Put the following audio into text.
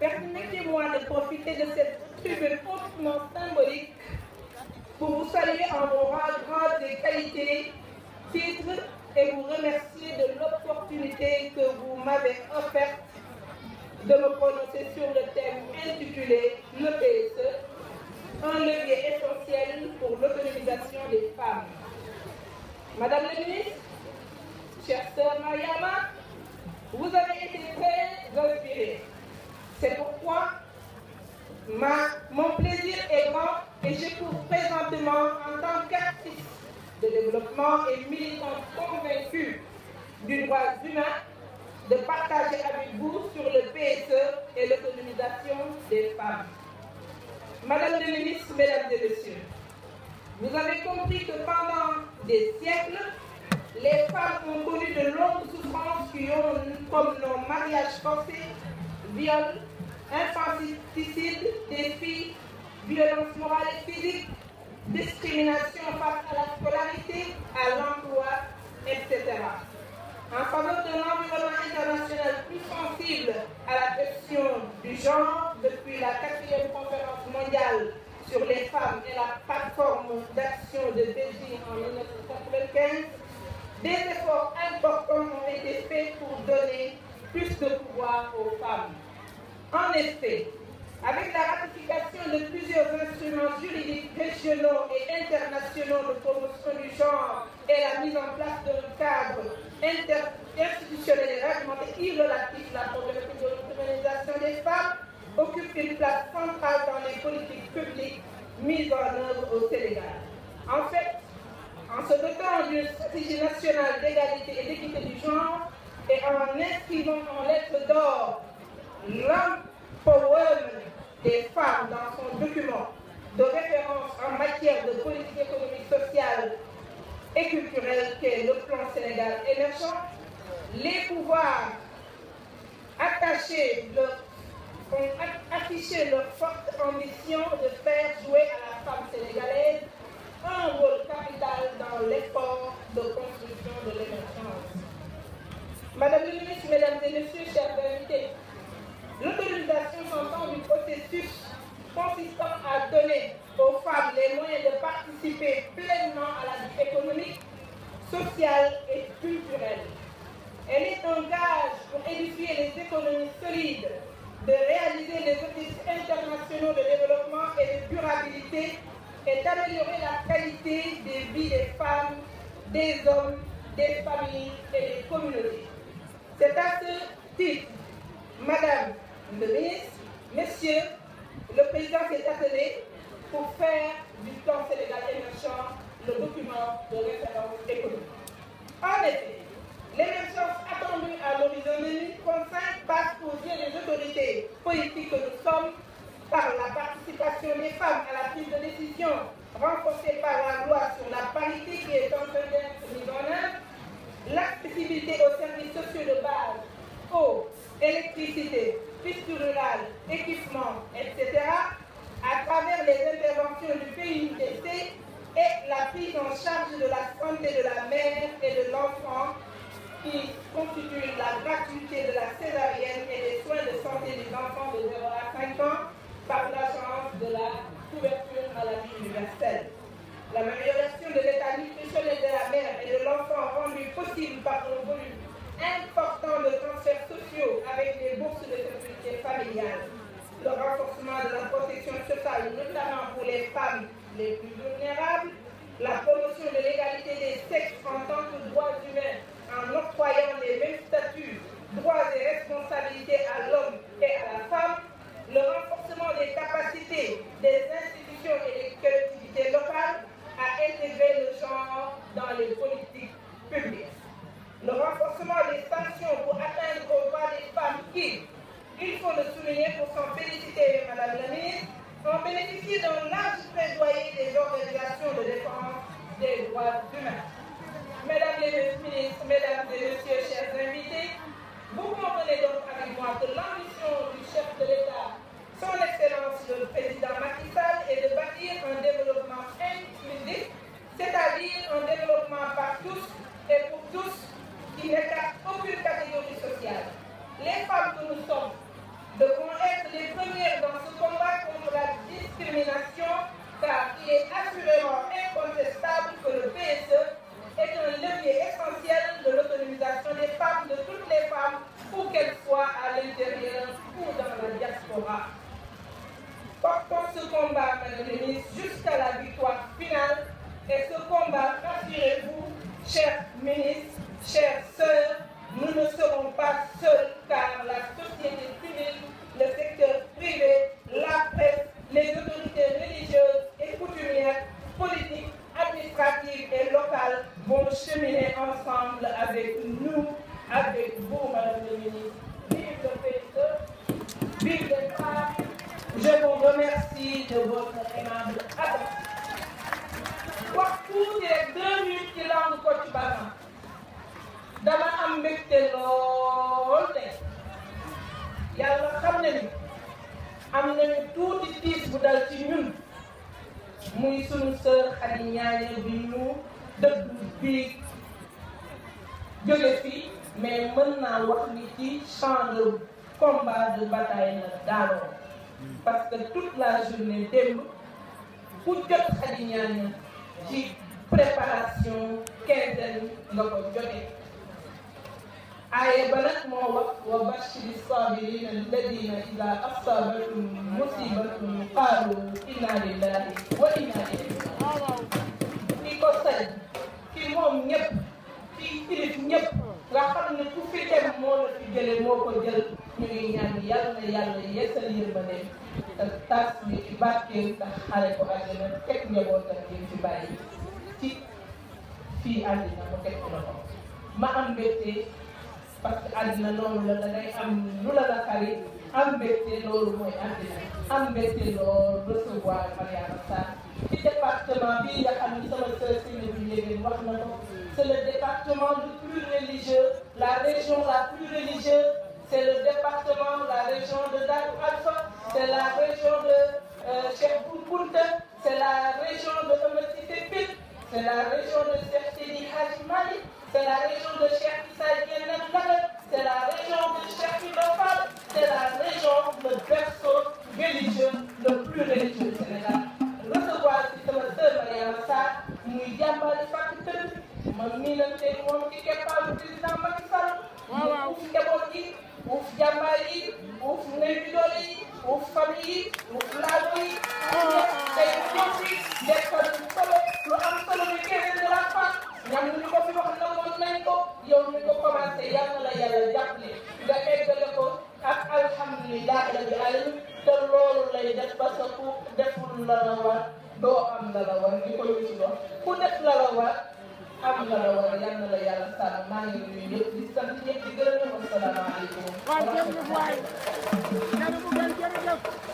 Permettez-moi de profiter de cette tribune hautement symbolique pour vous saluer en vos grades et qualités, titres et vous remercier de l'opportunité que vous m'avez offerte de me prononcer sur le thème intitulé Le PSE, un levier essentiel pour l'autonomisation des femmes. Madame Ma, mon plaisir est grand et je cours présentement en tant qu'artiste de développement et militante convaincue du droit humain de partager avec sur le PSE et l'autonomisation des femmes. Madame la ministre, Mesdames et Messieurs, vous avez compris que pendant des siècles, les femmes ont connu de longues souffrances qui ont comme nos mariages forcés, infanticide des filles, violence morale et physique, discrimination face à la scolarité, à l'emploi, etc. En faveur d'un environnement international plus sensible à la question du genre, depuis la quatrième conférence mondiale sur les femmes et la plateforme d'action de Beijing en des efforts importants ont été faits pour donner plus de pouvoir aux femmes. En effet, avec la ratification de plusieurs instruments juridiques régionaux et internationaux de promotion du genre et la mise en place d'un cadre institutionnel et réglementé relatif à de l'autonomisation des femmes, occupe une place centrale dans les politiques publiques mises en œuvre au Sénégal. En fait, en se dotant d'une stratégie nationale d'égalité et d'équité du genre et en inscrivant en lettres d'or l'empowerment des femmes dans son document de référence en matière de politique économique, sociale et culturelle qu'est le plan Sénégal émergent, les pouvoirs attachés leur, ont affiché leur forte ambition de faire jouer à la femme sénégalaise un rôle capital dans l'effort de construction de l'émergence. Madame la ministre, Mesdames et Messieurs, chers invités, L'autonomisation s'entend du processus consistant à donner aux femmes les moyens de participer pleinement à la vie économique, sociale et culturelle. Elle est en pour édifier les économies solides, de réaliser les objectifs internationaux de développement et de durabilité et d'améliorer la qualité des vies des femmes, des hommes, des familles et des communautés. C'est à ce titre, Madame le ministre, messieurs, le président s'est attelé pour faire du plan sénégalais émergent le document de référence économique. En effet, l'émergence attendue à l'horizon 2035 passe aux yeux des autorités politiques que nous sommes par la participation des femmes à la prise de décision renforcée par la loi sur la parité qui est en train d'être mise en sociaux de base, eau, électricité, piste rurale, équipement, etc., à travers les interventions du PUTC et la prise en charge de la santé de la mère et de l'enfant qui constitue la gratuité de la césarienne et des soins de santé des enfants de 0 à par l'agence de la couverture maladie universelle. La amélioration de l'état nutritionnel de la mère et de l'enfant rendue possible par un volume important de sociaux avec des bourses de sécurité familiale, le renforcement de la protection sociale, notamment pour les femmes les plus vulnérables, la promotion de l'égalité des sexes en tant que droits humains en octroyant les mêmes statuts, droits et responsabilités à l'homme et à la femme, le renforcement des capacités des institutions et des collectivités locales, prier pour s'en féliciter, Madame la ministre, ont des organisations de défense des droits humains. Mesdames Mesdames et Messieurs, chers invités, vous comprenez donc avec moi que du chef de l'État, son excellence le président Macky et de ville de Trappes. Je vous remercie de votre aimable attention. waxtu des deux minutes ci langue Kocc-Barma dama am mbégte lool de yàlla xam na ni am nañu tuuti tiis bu dal ci ñun muy sunu sœur Khady Niagne bi ñu dëgg bii jóge fii mais mën naa combat de bataille la daanoo parce que toute la journée démb ku jot Khady Niang ci préparation quinzaine nga ko jotee aaye ba nag moo wax wa bashiri saabirina alladina ida asabatum musibatum qaalu inna lillahi wa inna ilayhi ki ko sañ ki moom ñëpp ki kilif ñëpp nga xam ku fi dem moo la fi jële moo ko jël ñu ngi ñaan ya na yàlla yeesal yërmandeem te tas ñu ci barkeel ndax xale ko àddina teg njabootam ngeen fi bàyyi ci fii àddina mu teg ko ma am mbégte parce que àddina noonu la da ngay am lu la la xari am mbégte loolu mooy àddina am mbégte loolu recevoir Mariama Sarr ci département bii nga xam ni sama c'est la région de Cheikh Seydi Hadji Malick c'est la région de Cheikh Issa Diène Lamine c'est la région de Cheikh Ibra Fall c'est la région le berceau religieux le plus religieux du Sénégal recevoir ci sama sœur Mariama Sarr muy jàmbari Fatou Tëdd ma miinante moom ci keppaaru président Macky Sall mu uuf njaboot yi uuf jàmbaar yi uuf néew doole yi uuf famille yi uuf laago yi uuf tey koy wax nangoon nañ ko yow mi ko commencé yàlla la yàlla jàppale nga eggale ko ak alhamdulilah rabbil alamin te loolu lay def parce que ku deful la la war doo am la la war ñu koy wuti doon ku def la la war am la la war yàlla la yàlla sàmm maa ngi nuyu ñëpp di sant ñëpp di gërëm ñëpp asalaamaaleykum. waaw jërëjëf waay.